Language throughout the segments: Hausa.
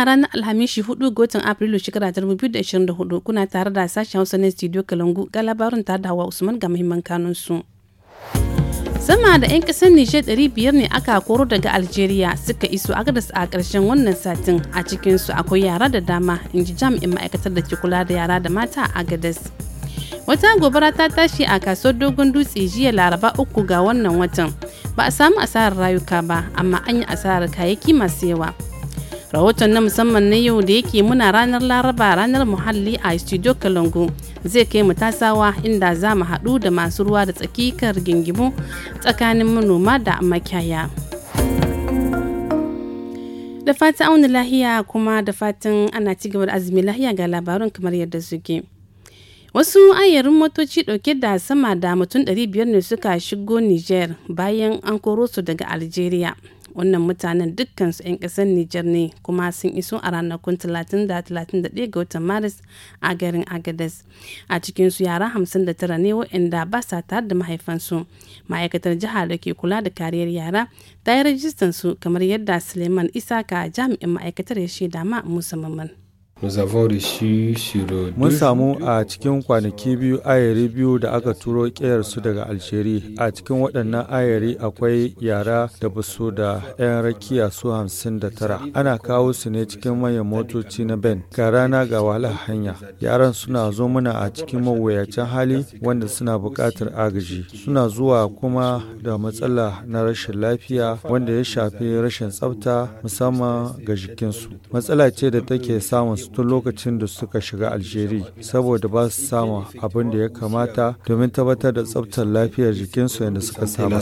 Muna ranar Alhamishi 4 ga watan Afrilu shekara 2024 kuna tare da sashen Hausa na Studio Kalangu ga labarin tare da Hawa Usman ga muhimman kanunsu. Sama da 'yan kasar Nijar 500 ne aka koro daga Algeria suka iso Agadas a karshen wannan satin a cikinsu akwai yara da dama in ji jami'in ma'aikatar da ke kula da yara da mata a gadas Wata gobara ta tashi a kasuwar dogon dutse jiya laraba uku ga wannan watan. Ba a samu asarar rayuka ba amma an yi asarar kayayyaki masu yawa. rahoton na musamman na yau da yake muna ranar laraba ranar muhalli a studio kalangu zai kai mu tasawa inda za mu haɗu da masu ruwa da tsakikar gingimu tsakanin manoma da makiyaya da fatan auna lahiya kuma da fatan ana cigaba da azumi lahiya ga labarun kamar yadda suke. Wasu ayarin motoci dauke da sama da mutum 500 ne suka shigo niger bayan an koro su daga Algeria. Wannan mutanen dukkansu 'yan ƙasar niger ne kuma sun iso a ranakun 30 31 ga watan Maris a garin Agadez. A cikinsu yara 59 ne waɗanda ba sa tare da mahaifansu. Ma'aikatar jihar da ke kula da kariyar yara ta yi rajistan kamar yadda Suleiman Isaka jami'in ma'aikatar ya shaida ma musamman. Mun samu a cikin kwanaki biyu ayari biyu da aka turo su daga Alsheri. A cikin waɗannan ayari akwai yara da basu da 'yan rakiya su hamsin da tara. Ana kawo su ne cikin manyan motoci na Ben. Ga rana ga wahalar hanya. Yaran suna zo muna a cikin mawuyacin hali wanda suna buƙatar agaji. Suna zuwa kuma da matsala na rashin lafiya wanda ya shafi rashin tsafta musamman ga jikinsu. Matsala ce da take samun tun lokacin da suka shiga Algeria saboda ba su samu abin da ya kamata domin tabbatar da tsabtar lafiyar jikinsu yadda suka samu.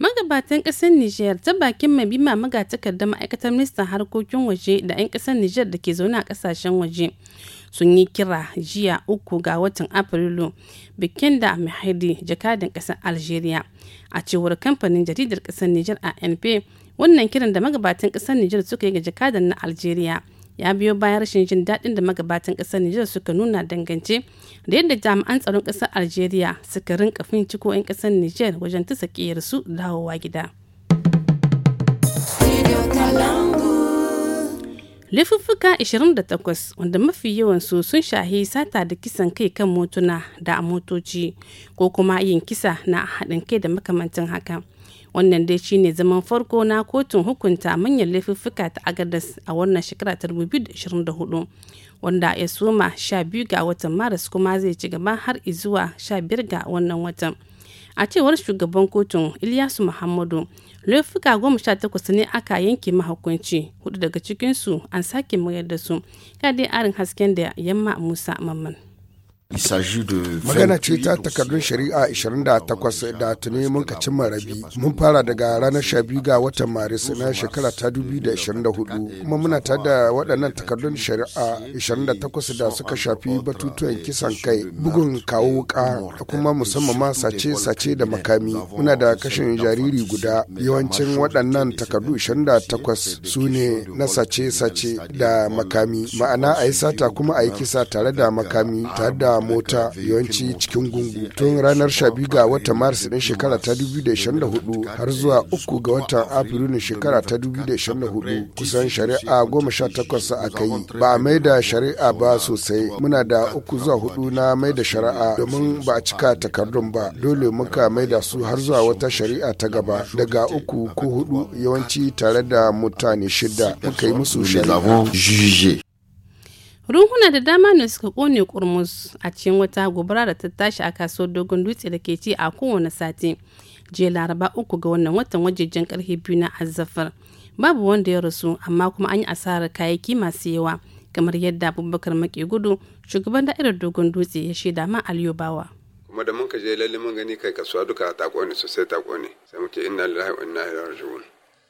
Magabatan ƙasar Nijar ta bakin mai bima magatakar da ma'aikatar ministan harkokin waje da 'yan ƙasar Nijar da ke zaune a ƙasashen waje. sun yi kira jiya uku ga watan afrilu bikin da mahadi jakadin kasar algeria a cewar kamfanin jaridar kasar niger a np wannan kiran da magabatan kasar niger suka yi ga jakadan na algeria ya biyo bayan rashin jin daɗin da magabatan ƙasar Nijar suka nuna dangance da yadda jami'an tsaron ƙasar Algeria suka rinka fin ciko 'yan ƙasar Nijar wajen ta su dawowa gida. lafuffuka 28 wanda mafi yawansu sun shahi sata da kisan kai kan motuna da motoci ko kuma yin kisa na haɗin kai da makamantan haka wannan dai shi ne zaman farko na kotun hukunta manyan laifuffuka ta agadas a wannan shekara ta 2024 wanda ya soma 12 ga watan maris kuma zai ci gaba har sha 15 ga wannan watan a cewar shugaban kotun ilyasu muhammadu laifuka goma sha takwas ne aka yanke mahukunci hudu daga cikinsu an sake mayar da su kadai arin hasken da yamma musa mamman magana ce ta takardun shari'a 28 euh, da tuni mun ka cimma rabi mun fara daga ranar 12 ga watan maris na shekara ta 2024 kuma muna ta da waɗannan takardun shari'a 28 da suka shafi batutuwan kisan kai bugun kawo wuka da kuma musamman ma sace-sace da makami muna da kashin jariri guda yawancin waɗannan takardu 28 su ne na sace-sace da makami ma'ana a yi sata kuma a yi kisa tare da makami tare da mota yawanci cikin gungu tun ranar 12 ga watan maris din shekara ta 2024 har zuwa 3 ga watan na shekara ta 2024 kusan shari'a 18 aka yi ba a mai da shari'a ba sosai muna da uku zuwa hudu na mai da shari'a domin ba a cika takardun ba dole muka mai da su har zuwa wata shari'a ta gaba daga uku ko hudu yawanci tare da mutane shida muka yi musu shari'a runhuna da dama ne suka kone kurmus a cikin wata gobara da ta tashi a kasuwar dogon dutse da ke ci a kowane sati jiya laraba uku ga wannan watan wajejen karfe biyu na azzafar babu wanda ya rasu amma kuma an yi asarar kayayyaki masu yawa kamar yadda abubakar maki gudu shugaban da'irar dogon dutse ya shaida ma bawa. kuma da mun ka je lalle mun gani kai kasuwa duka ta kone sosai ta kone sai muke inna lillahi wa inna ilaihi raji'un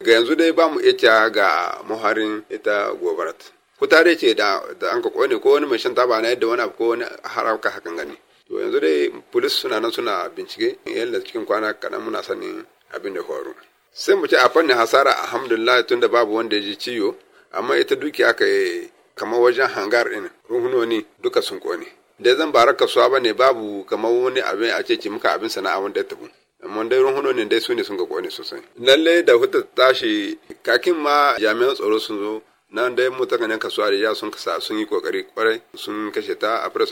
ga yanzu dai ba mu iya ga muharin ita gobarat ko dai ce da an ka kone ko wani mai shan taba na yadda wani abu ko wani aka hakan gani to yanzu dai polis suna nan suna bincike yalla cikin kwana kaɗan muna sanin abin da faru sai mu ce a fannin hasara alhamdulillah tunda babu wanda ya ji ciwo amma ita dukiya aka yi kamar wajen hangar ɗin ruhunoni duka sun kone da zan bara kasuwa ba ne babu kamar wani abin a ce muka abin sana'a wanda ya tabu amma dai ruhunonin dai su ne sun ga kone sosai lalle da huta tashi kakin ma jami'an tsaro sun zo nan dai mutanen kasuwa da ya sun kasa sun yi kokari kwarai sun kashe ta a fara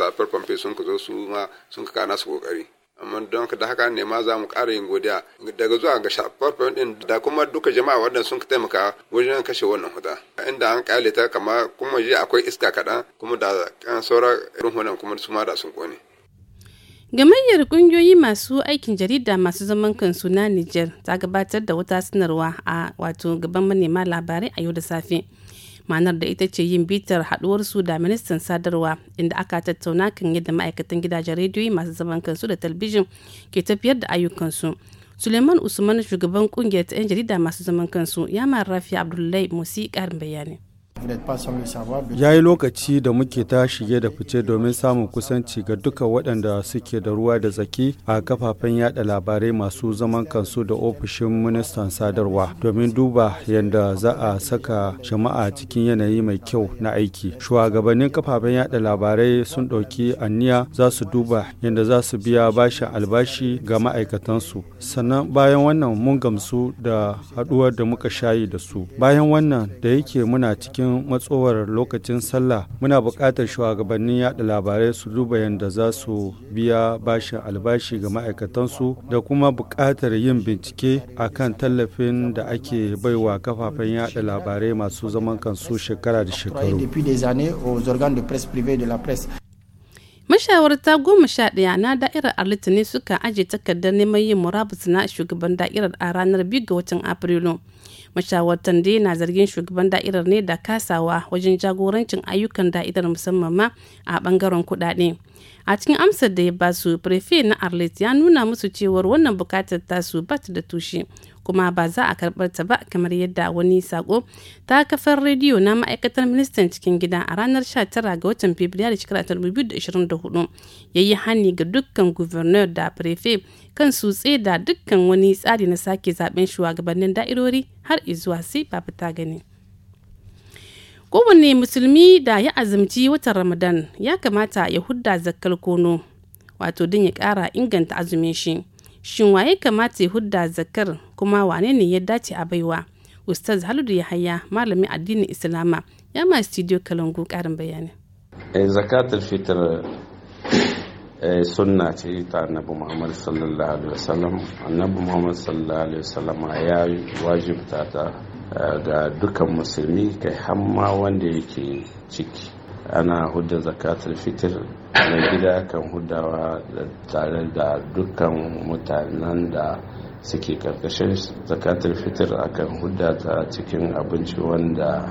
sun ka zo su ma sun ka kana su kokari amma don da haka ne ma za mu ƙara yin godiya daga zuwa ga shafar din da kuma duka jama'a wannan sun taimaka wajen kashe wannan huta inda an kyale ta kama kuma ji akwai iska kaɗan kuma da kan sauran ruhunan kuma su ma da sun kone. Gamayyar kungiyoyi masu aikin jarida masu zaman kansu na Nijar ta gabatar da wata sanarwa a wato gaban manema labarai a yau da safe. manar da ita ce yin bitar su da ministan sadarwa inda aka tattauna kan yadda ma'aikatan gidajen rediyo masu zaman kansu da talbijin ke tafiyar da ayyukansu suleiman usman shugaban kungiyar ta 'yan jarida masu zaman kansu ya ma rafi abdullahi musi karin bayani Ya yi lokaci da muke ta shige da fice domin samun kusanci ga duka waɗanda suke da ruwa da tsaki a kafafen yada labarai masu zaman kansu da ofishin ministan sadarwa domin duba yadda za a saka jama'a cikin yanayi mai kyau na aiki. Shugabannin kafafen yada labarai sun ɗauki anniya za su duba yadda za su biya bashin albashi ga ma'aikatansu. Sannan bayan wannan mun gamsu da haɗuwar da muka shayi da su. Bayan wannan da yake muna cikin cikin matsowar lokacin sallah muna buƙatar shugabannin yaɗa labarai su duba yadda za su biya bashin albashi ga ma'aikatansu da kuma buƙatar yin bincike a kan tallafin da ake baiwa kafafen yaɗa labarai masu zaman kansu shekara da shekaru. mashawarta goma sha ɗaya na da'irar Litinin suka ajiye takardar neman yin murabus na shugaban da'irar a ranar biyu ga watan afrilu mashawartan dai na zargin shugaban da'irar ne da kasawa wajen jagorancin ayyukan da'irar musamman ma a bangaren kuɗaɗe a cikin amsar da ya basu su prefe na arlet ya nuna musu cewar wannan bukatar tasu su da tushe kuma ba za a karɓar ta ba kamar yadda wani sako ta kafar rediyo na ma'aikatar ministan cikin gida a ranar 19 ga watan fabrairu shekara 2024 ya yi hani ga dukkan gouverneur da prefe kan su da dukkan wani tsari na sake zaben shugabannin da'irori har izuwa sai babu ta gani. kowanne musulmi da ya azumci watan ramadan ya kamata ya hudda zakkal kono wato din ya ƙara inganta azumin shi shin waye kamata ya hudda zakar kuma wane ne ya dace a baiwa ustaz haludu haya malamin addinin islama ya ma studio kalangu karin bayani eh, zakatul fitr eh, sunna ce ta annabi muhammad sallallahu alaihi wasallam annabi muhammad sallallahu alaihi wasallam ya wajibta ta eh, ga dukan musulmi kai hamma wanda yake ciki ana hudda zakatul fitir na gida kan hudawa tare da dukkan mutanen da suke karkashin zakatul fitir akan hudda ta cikin abinci wanda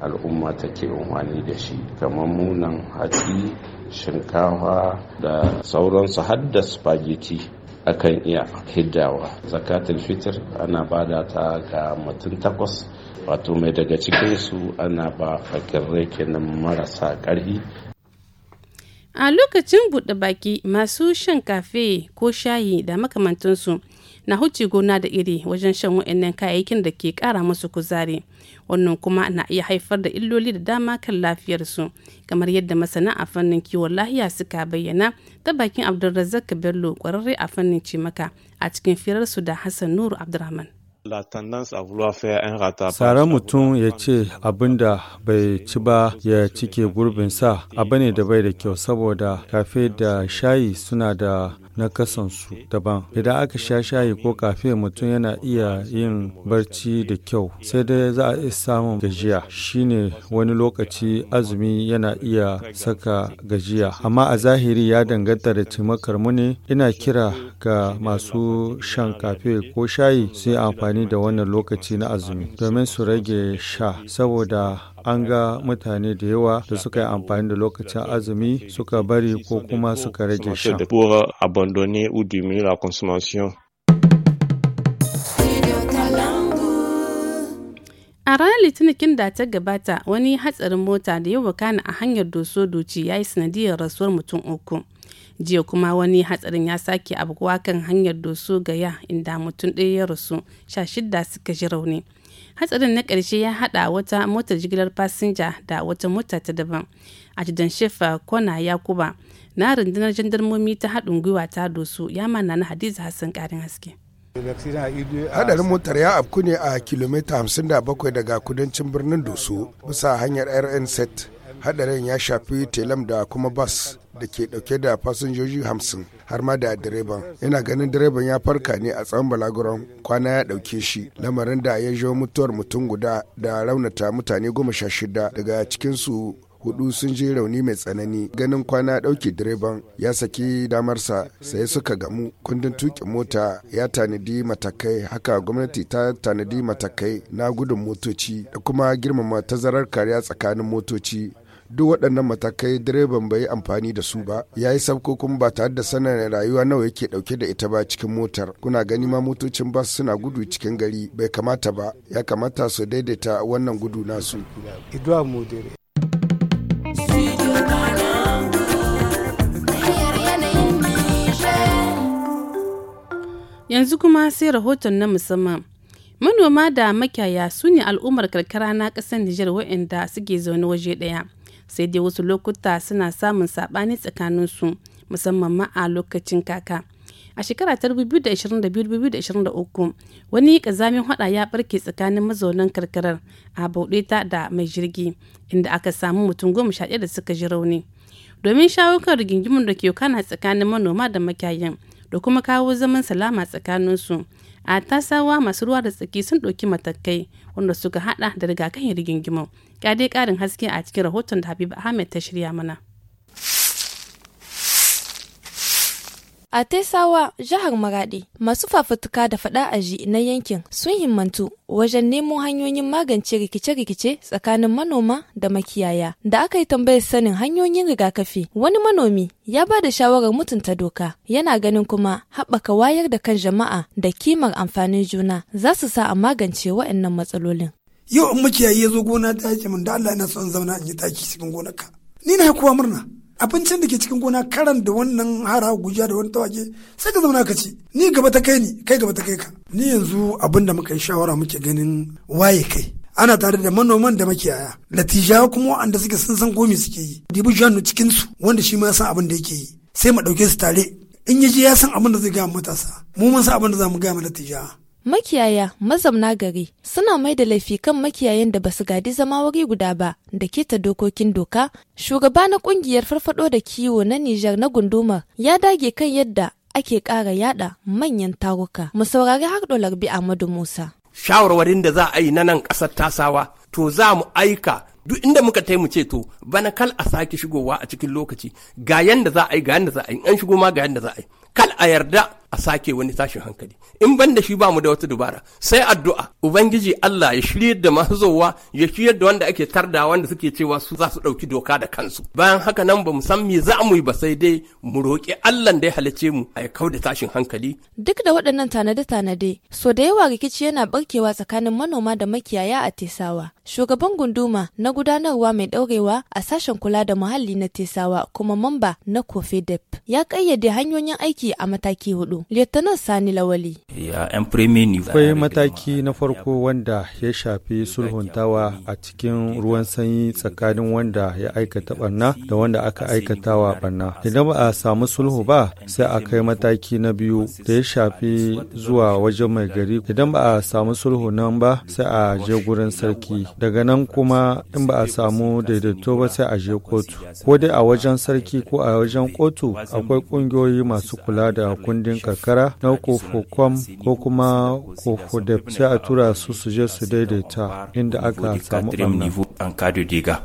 al'umma take umarni da shi kamar munan hatsi shinkawa da sauransu har da spaghetti akan iya hiddawa zakatul fitir ana bada ta ga mutum takwas wato mai daga cikinsu ana ba fakirai kenan marasa ƙarfi a lokacin buɗe baki masu shan kafe ko shayi da makamantansu na huce gona da iri wajen shan wa'annan kayayyakin da ke ƙara musu kuzari wannan kuma na iya haifar da illoli da dama kan lafiyarsu kamar yadda masana a fannin kiwon lahiya suka bayyana ta bakin abdulrazak bello ƙwararre a fannin cimaka a cikin firarsu da hassan nuru abdulrahman Tsaron mutum ya ce abin da bai ci ba ya cike gurbin sa abu ne da bai da kyau saboda kafe da shayi suna da na kasan su daban idan aka sha shayi ko kafe mutum yana iya yin barci da kyau sai dai za a iya samun gajiya shine wani lokaci azumi yana iya saka gajiya amma a zahiri ya danganta da cimakar mu ne ina kira ga masu shan kafe ko shayi su yi amfani da wannan lokaci na azumi domin su rage sha saboda an ga mutane da yawa da suka yi amfani da lokacin azumi suka bari ko kuma suka rage sha. Euh, a ranar Litinin da ta gabata wani hatsarin mota da ya wakana a hanyar doso doci ya yi sanadiyar rasuwar mutum uku. Jiya kuma wani hatsarin ya sake abuwa kan hanyar doso gaya inda mutum ɗaya ya rasu, sha shidda suka ji rauni. hatsarin na ƙarshe ya haɗa wata motar jigilar fasinja da wata mota ta daban a jidan shefa kona yakuba na rundunar jandarmomi ta haɗin gwiwa ta dosu ya mana na hadiza hassan ƙarin haske hadarin motar ya afku ne a kilomita 57 daga kudancin birnin dosu bisa hanyar rn set hadarin ya shafi telam da kuma bas da ke dauke da fasinjoji hamsin har ma da direban Yana ganin direban ya farka ne a tsawon balaguron kwana ya dauke shi lamarin da ya jawo mutuwar mutum guda da raunata mutane goma sha shida daga cikinsu hudu sun je rauni mai tsanani ganin kwana ɗauke direban ya saki damarsa sai suka gamu kundin tukin mota ya tanadi matakai haka gwamnati ta tanadi matakai na gudun motoci da kuma girmama tazarar kariya tsakanin motoci duk waɗannan matakai direban bai amfani da su ba ya yi sabko kuma ba tare da sanar rayuwa nawa yake ɗauke da ita ba cikin motar kuna gani ma motocin bas suna gudu cikin gari bai kamata ba ya kamata su daidaita wannan gudu nasu. Yanzu kuma sai rahoton na musamman. Manoma da makiyaya su ne al'ummar karkara na ƙasar Nijar waɗanda suke zaune waje ɗaya. sai dai wasu lokuta suna samun saɓani tsakaninsu musamman ma a lokacin kaka a shekara ta 2022-2023 wani kazamin hada ya barke tsakanin mazaunan karkarar a bauɗeta da mai jirgi inda aka samu mutum goma sha da suka ji rauni domin shawo kan da ke kana tsakanin manoma da makiyayan da kuma kawo zaman salama tsakaninsu a tasawa masu ruwa da tsaki sun ɗauki matakai wanda suka hada da rigakafin rigingimu ya dai ƙarin haske a cikin rahoton da habib ahmed ta shirya mana A Tesawa jihar Maradi, masu fafutuka da fada aji na yankin sun himmantu wajen nemo hanyoyin magance rikice-rikice tsakanin manoma da makiyaya. Da aka yi tambayar sanin hanyoyin rigakafi, wani manomi ya ba da shawarar mutunta doka, yana ganin kuma haɓaka wayar da kan jama'a da kimar amfanin juna za su sa a magance wa'annan matsalolin. Yau in makiyayi ya zo gona ta yake min da Allah ina son zauna in yi taki cikin gonaka. Ni na kowa murna. abincin da ke cikin gona karan da wannan hara gujiya da wani tawake sai ka zauna ka ci ni gaba ta kai ni kai gaba ta kai ka ni yanzu abin da muka yi shawara muke ganin waye kai ana tare da manoman da makiyaya Latija kuma wanda suke sun san gomi suke yi dibu jannu cikin su wanda shi ma ya san abin da yake yi sai mu dauke su tare in yaji ya san abin da zai gaya matasa mu mun san abin da za mu gaya ma latija. Makiyaya mazauna gari suna mai da laifi kan makiyayan da basu gadi zama wuri guda ba da keta dokokin doka, shugaba na kungiyar farfado da kiwo na Nijar na gundumar ya dage kan yadda ake ƙara yada manyan taruka. Mu saurari har bi Ahmadu Musa. Shawarwarin da za a yi na nan ƙasar tasawa, to za mu aika duk inda muka taimu ce to bana kal a sake shigowa a cikin lokaci ga yanda za a yi ga yanda za a yi an shigo ma ga yanda za a yi kal a yarda a sake wani tashin hankali in ban da shi ba mu da wata dubara sai addu'a ubangiji Allah ya shirye da masu zowa ya shirye da wanda ake tarda wanda suke cewa su za su ɗauki doka da kansu bayan haka nan ba mu san me za mu yi ba sai dai mu roƙi Allah da ya halice mu a kau da tashin hankali duk da waɗannan tanade-tanade so da yawa rikici yana barkewa tsakanin manoma da makiyaya a Tesawa shugaban gunduma na gudanarwa mai ɗaurewa a sashen kula da muhalli na Tesawa kuma mamba na Kofedep ya ƙayyade hanyoyin aiki a mataki hudu. Lieutenant Sani Lawali. Akwai mataki na farko wanda ya shafi sulhuntawa a cikin ruwan sanyi tsakanin wanda ya aikata barna da wanda aka aikata wa barna. Idan ba a samu sulhu ba sai a kai mataki na biyu da ya shafi zuwa wajen mai gari. Idan ba a samu sulhu nan ba sai a je gurin sarki. Daga nan kuma in ba a samu daidaito ba sai a je kotu. Ko dai a wajen sarki ko a wajen kotu akwai ƙungiyoyi masu kula kula da kundin karkara na kofokom ko kuma kokodep sai a tura su su su daidaita inda aka samu ɓanna.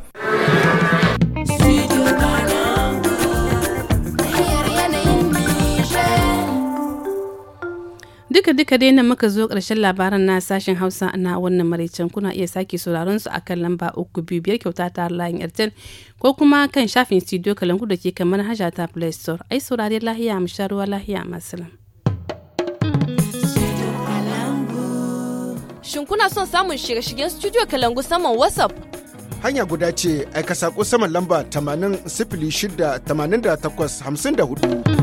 duka dai nan muka zo ƙarshen labaran na sashen Hausa na wannan maraicen kuna iya sake sauraron su akan lamba uku biyu biyar kyauta ta layin Airtel ko kuma kan shafin studio kalangu da ke kamar haja ta Play Store. Ai saurare lahiya mu sha ruwa lahiya masu Shin kuna son samun shirye-shiryen studio kalangu saman WhatsApp? Hanya guda ce aika saƙo saman lamba 80 68 54.